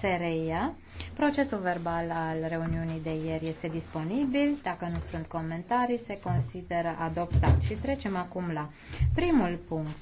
Sereia. Procesul verbal al reuniunii de ieri este disponibil. Dacă nu sunt comentarii, se consideră adoptat. Și trecem acum la primul punct